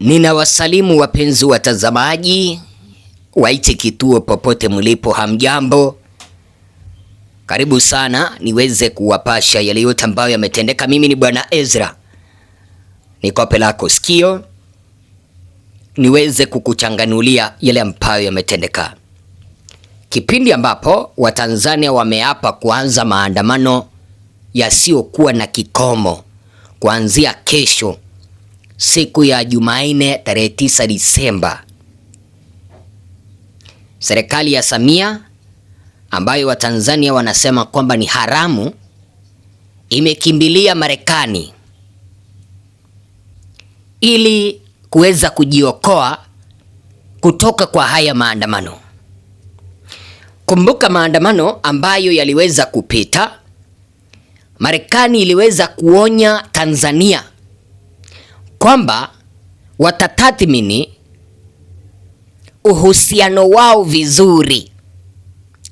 Ninawasalimu wapenzi watazamaji waiti kituo popote mlipo, hamjambo? Karibu sana niweze kuwapasha yale yote ambayo yametendeka. Mimi ni bwana Ezra, nikope lako sikio niweze kukuchanganulia yale ambayo yametendeka, kipindi ambapo Watanzania wameapa kuanza maandamano yasiyokuwa na kikomo kuanzia kesho siku ya Jumanne tarehe 9 Disemba, serikali ya Samia ambayo Watanzania wanasema kwamba ni haramu imekimbilia Marekani ili kuweza kujiokoa kutoka kwa haya maandamano. Kumbuka maandamano ambayo yaliweza kupita, Marekani iliweza kuonya Tanzania kwamba watatathmini uhusiano wao vizuri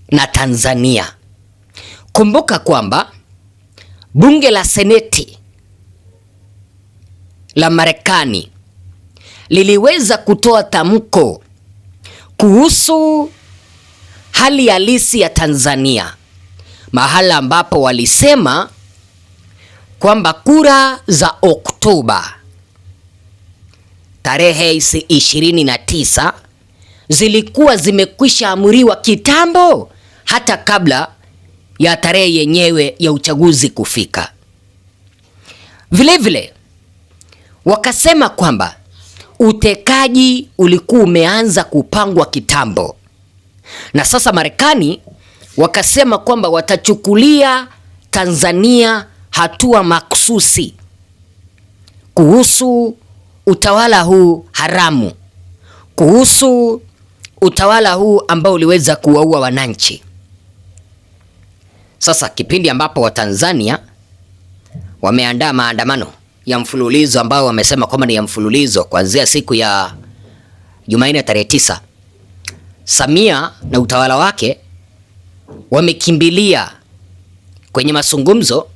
na Tanzania. Kumbuka kwamba bunge la seneti la Marekani liliweza kutoa tamko kuhusu hali halisi ya Tanzania, mahala ambapo walisema kwamba kura za Oktoba tarehe ishirini na tisa zilikuwa zimekwisha amriwa kitambo, hata kabla ya tarehe yenyewe ya uchaguzi kufika. Vilevile vile, wakasema kwamba utekaji ulikuwa umeanza kupangwa kitambo, na sasa Marekani wakasema kwamba watachukulia Tanzania hatua maksusi kuhusu utawala huu haramu, kuhusu utawala huu ambao uliweza kuwaua wananchi. Sasa kipindi ambapo Watanzania wameandaa maandamano ya mfululizo ambao wamesema kwamba ni ya mfululizo kuanzia siku ya Jumanne tarehe tisa, Samia na utawala wake wamekimbilia kwenye mazungumzo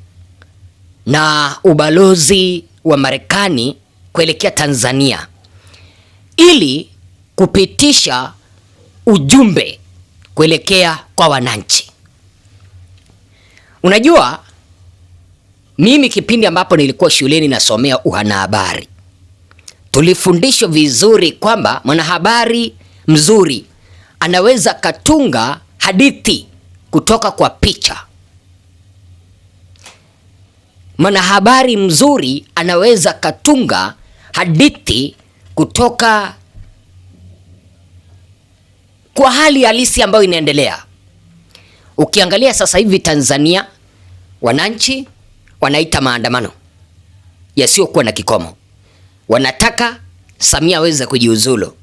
na ubalozi wa Marekani kuelekea Tanzania ili kupitisha ujumbe kuelekea kwa wananchi. Unajua, mimi kipindi ambapo nilikuwa shuleni nasomea uhanahabari, tulifundishwa vizuri kwamba mwanahabari mzuri anaweza katunga hadithi kutoka kwa picha. Mwanahabari mzuri anaweza katunga hadithi kutoka kwa hali halisi ambayo inaendelea. Ukiangalia sasa hivi Tanzania, wananchi wanaita maandamano yasiyokuwa na kikomo. Wanataka Samia aweze kujiuzulu,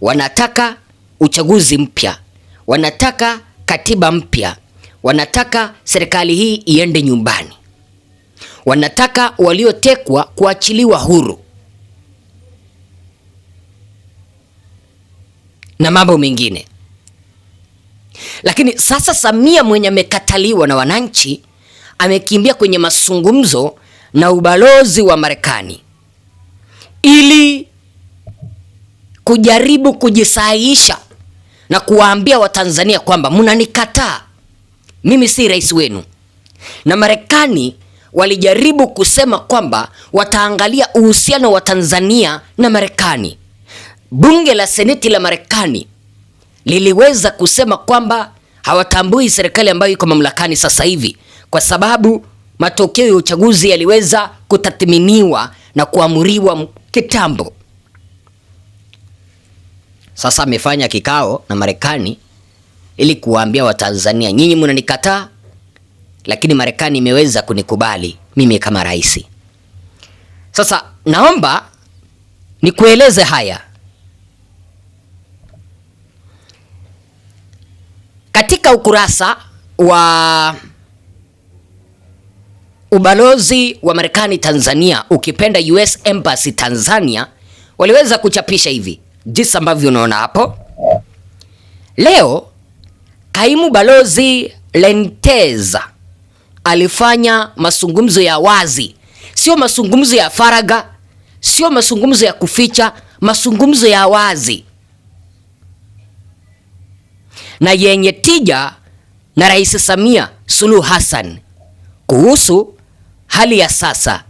wanataka uchaguzi mpya, wanataka katiba mpya, wanataka serikali hii iende nyumbani, wanataka waliotekwa kuachiliwa huru. na mambo mengine. Lakini sasa Samia mwenye amekataliwa na wananchi amekimbia kwenye mazungumzo na ubalozi wa Marekani ili kujaribu kujisahihisha na kuwaambia Watanzania kwamba mnanikataa mimi, si rais wenu. Na Marekani walijaribu kusema kwamba wataangalia uhusiano wa Tanzania na Marekani bunge la seneti la Marekani liliweza kusema kwamba hawatambui serikali ambayo iko mamlakani sasa hivi kwa sababu matokeo ya uchaguzi yaliweza kutathminiwa na kuamuriwa kitambo. Sasa amefanya kikao na Marekani ili kuwaambia Watanzania, nyinyi mnanikataa, lakini Marekani imeweza kunikubali mimi kama rais. Sasa naomba nikueleze haya. Katika ukurasa wa ubalozi wa Marekani Tanzania, ukipenda US Embassy Tanzania, waliweza kuchapisha hivi jinsi ambavyo unaona hapo. Leo kaimu balozi Lenteza alifanya mazungumzo ya wazi, sio mazungumzo ya faraga, sio mazungumzo ya kuficha, mazungumzo ya wazi na yenye tija na Rais Samia Suluhu Hassan kuhusu hali ya sasa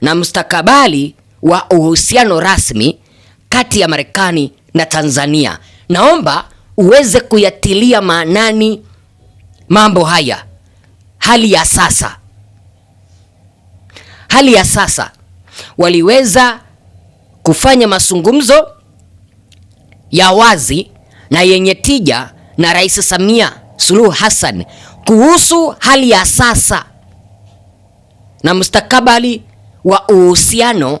na mustakabali wa uhusiano rasmi kati ya Marekani na Tanzania. Naomba uweze kuyatilia maanani mambo haya. Hali ya sasa, hali ya sasa, waliweza kufanya mazungumzo ya wazi na yenye tija na Rais Samia Suluhu Hassan kuhusu hali ya sasa na mustakabali wa uhusiano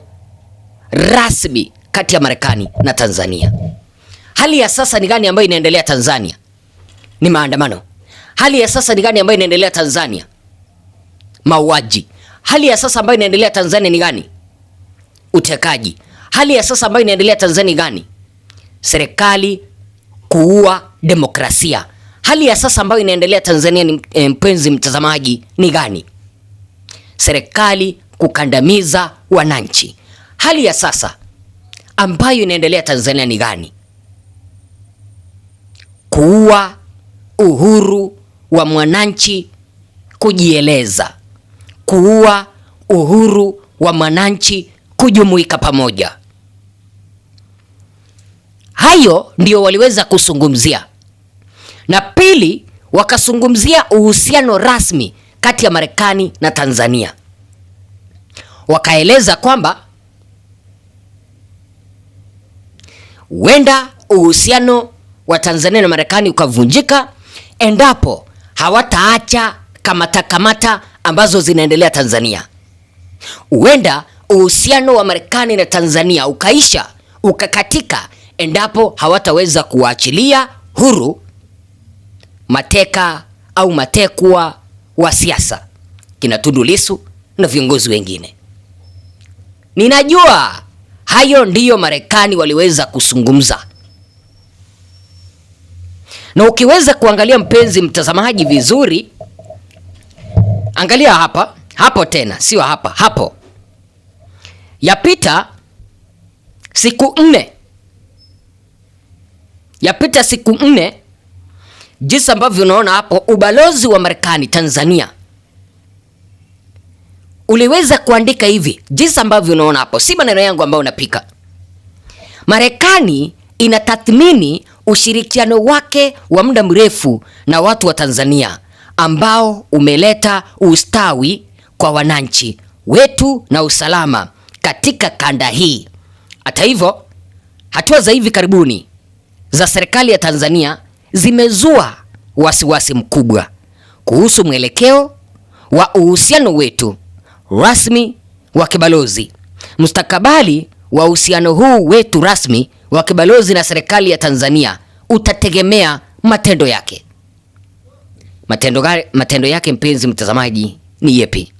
rasmi kati ya Marekani na Tanzania. Hali ya sasa ni gani ambayo inaendelea Tanzania? Ni maandamano. Hali ya sasa ni gani ambayo inaendelea Tanzania? Mauaji. Hali ya sasa ambayo inaendelea Tanzania ni gani? Utekaji. Hali ya sasa ambayo inaendelea Tanzania ni gani? Serikali kuua demokrasia. Hali ya sasa ambayo inaendelea Tanzania ni eh, mpenzi mtazamaji, ni gani? Serikali kukandamiza wananchi. Hali ya sasa ambayo inaendelea Tanzania ni gani? Kuua uhuru wa mwananchi kujieleza, kuua uhuru wa mwananchi kujumuika pamoja hiyo ndio waliweza kusungumzia, na pili wakasungumzia uhusiano rasmi kati ya Marekani na Tanzania. Wakaeleza kwamba huenda uhusiano wa Tanzania na Marekani ukavunjika endapo hawataacha kamata kamata ambazo zinaendelea Tanzania. Huenda uhusiano wa Marekani na Tanzania ukaisha ukakatika endapo hawataweza kuwaachilia huru mateka au matekwa wa siasa kina Tundu Lissu na viongozi wengine. Ninajua hayo ndiyo Marekani waliweza kuzungumza, na ukiweza kuangalia mpenzi mtazamaji vizuri, angalia hapa hapo tena, sio hapa hapo, yapita siku nne yapita siku nne, jinsi ambavyo unaona hapo, ubalozi wa Marekani Tanzania uliweza kuandika hivi, jinsi ambavyo unaona hapo, si maneno yangu ambayo unapika. Marekani inatathmini ushirikiano wake wa muda mrefu na watu wa Tanzania ambao umeleta ustawi kwa wananchi wetu na usalama katika kanda hii. Hata hivyo, hatua za hivi karibuni za serikali ya Tanzania zimezua wasiwasi mkubwa kuhusu mwelekeo wa uhusiano wetu rasmi wa kibalozi, mustakabali wa uhusiano huu wetu rasmi wa kibalozi na serikali ya Tanzania utategemea matendo yake. Matendo, gare, matendo yake mpenzi mtazamaji ni yepi?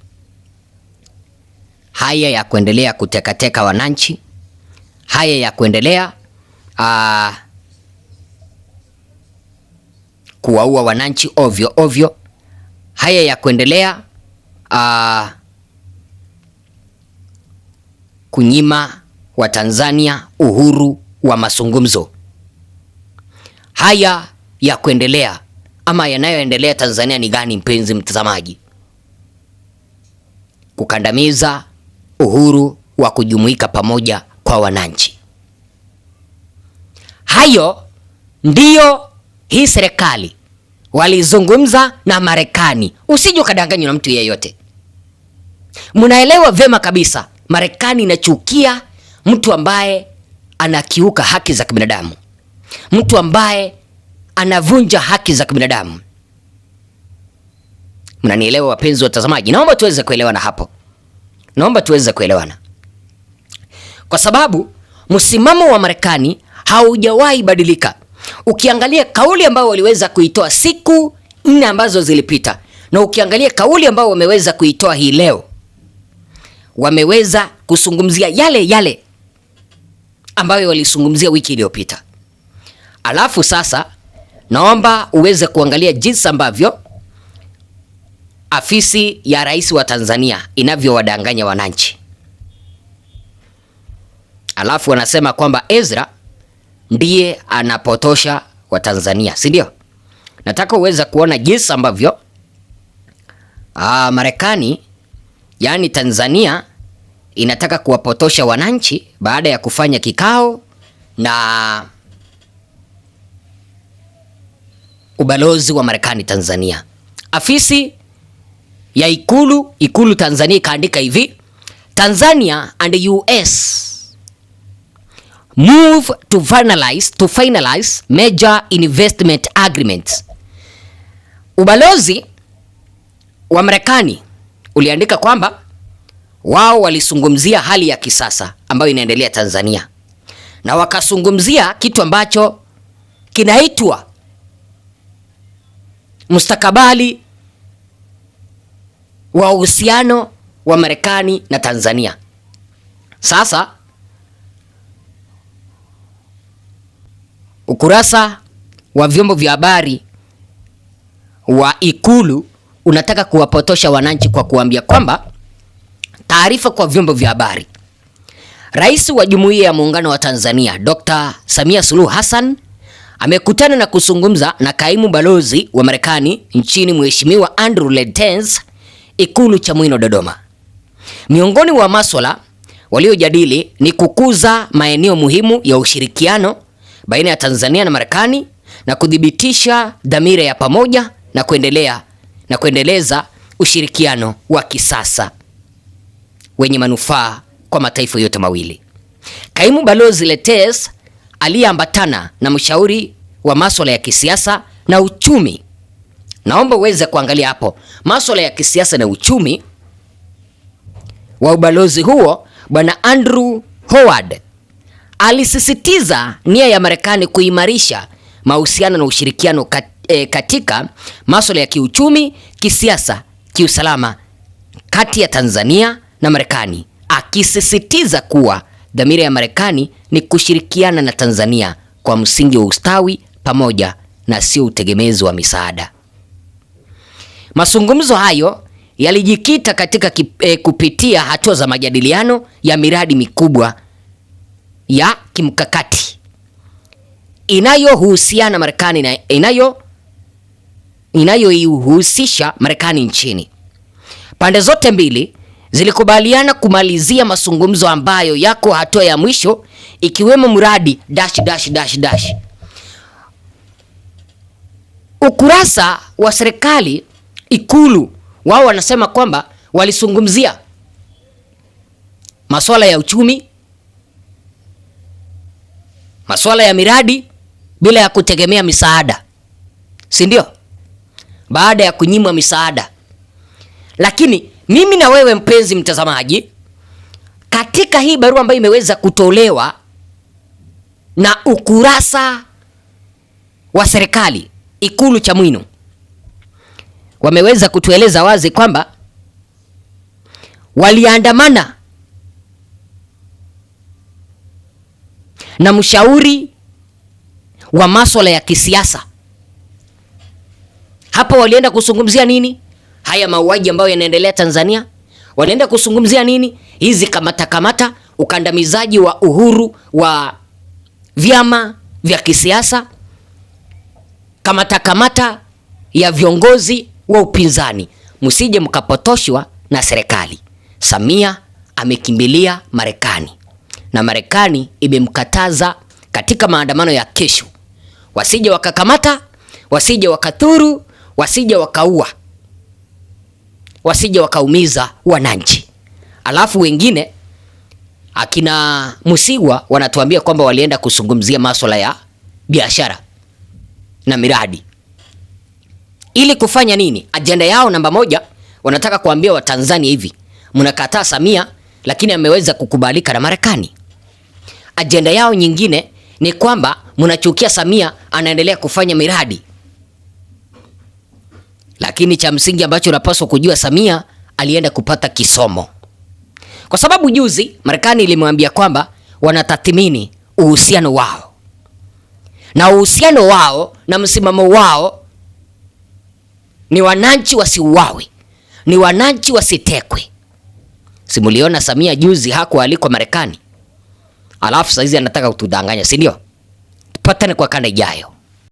Haya ya kuendelea kutekateka wananchi, haya ya kuendelea uh, kuwaua wananchi ovyo ovyo. Haya ya kuendelea uh, kunyima Watanzania uhuru wa mazungumzo, haya ya kuendelea ama yanayoendelea Tanzania ni gani, mpenzi mtazamaji? Kukandamiza uhuru wa kujumuika pamoja kwa wananchi. Hayo ndiyo hii serikali walizungumza na Marekani. Usije ukadanganywa na mtu yeyote. Mnaelewa vema kabisa Marekani inachukia mtu ambaye anakiuka haki za kibinadamu, mtu ambaye anavunja haki za kibinadamu. Mnanielewa wapenzi wa watazamaji? Naomba tuweze kuelewana hapo, naomba tuweze kuelewana kwa sababu msimamo wa Marekani haujawahi badilika. Ukiangalia kauli ambayo waliweza kuitoa siku nne ambazo zilipita na ukiangalia kauli ambayo wameweza kuitoa hii leo, wameweza kuzungumzia yale yale ambayo walizungumzia wiki iliyopita. Alafu sasa naomba uweze kuangalia jinsi ambavyo afisi ya rais wa Tanzania inavyowadanganya wananchi. Alafu wanasema kwamba Ezra ndiye anapotosha Watanzania, si ndio? Nataka uweza kuona jinsi ambavyo ah, Marekani yaani Tanzania inataka kuwapotosha wananchi baada ya kufanya kikao na ubalozi wa Marekani Tanzania. Afisi ya Ikulu Ikulu Tanzania ikaandika hivi Tanzania and US move to finalize, to finalize major investment agreements. Ubalozi wa Marekani uliandika kwamba wao walizungumzia hali ya kisasa ambayo inaendelea Tanzania na wakazungumzia kitu ambacho kinaitwa mustakabali wa uhusiano wa Marekani na Tanzania. Sasa Ukurasa wa vyombo vya habari wa Ikulu unataka kuwapotosha wananchi kwa kuambia kwamba, taarifa kwa vyombo vya habari, Rais wa Jumuiya ya Muungano wa Tanzania Dr. Samia Suluhu Hassan amekutana na kuzungumza na kaimu balozi wa Marekani nchini Mheshimiwa Andrew Lentens Ikulu Chamwino, Dodoma. Miongoni mwa maswala waliojadili ni kukuza maeneo muhimu ya ushirikiano baina ya Tanzania na Marekani na kuthibitisha dhamira ya pamoja na kuendelea na kuendeleza ushirikiano wa kisasa wenye manufaa kwa mataifa yote mawili. Kaimu Balozi Letes aliyeambatana na mshauri wa masuala ya kisiasa na uchumi, naomba uweze kuangalia hapo masuala ya kisiasa na uchumi wa ubalozi huo, Bwana Andrew Howard alisisitiza nia ya Marekani kuimarisha mahusiano na ushirikiano kat, e, katika masuala ya kiuchumi, kisiasa, kiusalama kati ya Tanzania na Marekani, akisisitiza kuwa dhamira ya Marekani ni kushirikiana na Tanzania kwa msingi wa ustawi pamoja na sio utegemezi wa misaada. Mazungumzo hayo yalijikita katika kip, e, kupitia hatua za majadiliano ya miradi mikubwa ya kimkakati inayohusiana na Marekani na inayo inayoihusisha Marekani nchini. Pande zote mbili zilikubaliana kumalizia mazungumzo ambayo yako hatua ya mwisho ikiwemo mradi dash dash dash dash. Ukurasa wa serikali Ikulu wao wanasema kwamba walizungumzia masuala ya uchumi, masuala ya miradi bila ya kutegemea misaada, si ndio? Baada ya kunyimwa misaada. Lakini mimi na wewe mpenzi mtazamaji, katika hii barua ambayo imeweza kutolewa na ukurasa wa serikali Ikulu Chamwino, wameweza kutueleza wazi kwamba waliandamana na mshauri wa masuala ya kisiasa. Hapa walienda kuzungumzia nini? Haya mauaji ambayo yanaendelea Tanzania, walienda kuzungumzia nini? Hizi kamata kamata, ukandamizaji wa uhuru wa vyama vya kisiasa, kamatakamata kamata ya viongozi wa upinzani. Msije mkapotoshwa na serikali. Samia amekimbilia Marekani na Marekani imemkataza katika maandamano ya kesho, wasije wakakamata, wasije wakathuru, wasije wakaua, wasije wakaumiza wananchi. Alafu wengine akina Musiwa wanatuambia kwamba walienda kuzungumzia masuala ya biashara na miradi ili kufanya nini? Ajenda yao namba moja, wanataka kuambia Watanzania hivi, mnakataa Samia, lakini ameweza kukubalika na Marekani ajenda yao nyingine ni kwamba mnachukia Samia anaendelea kufanya miradi, lakini cha msingi ambacho unapaswa kujua, Samia alienda kupata kisomo, kwa sababu juzi Marekani ilimwambia kwamba wanatathmini uhusiano wao na uhusiano wao na msimamo wao ni wananchi wasiuawe, ni wananchi wasitekwe. Simuliona Samia juzi hako aliko Marekani alafu saizi anataka kutudanganya, si ndio? Tupatane kwa kanda ijayo.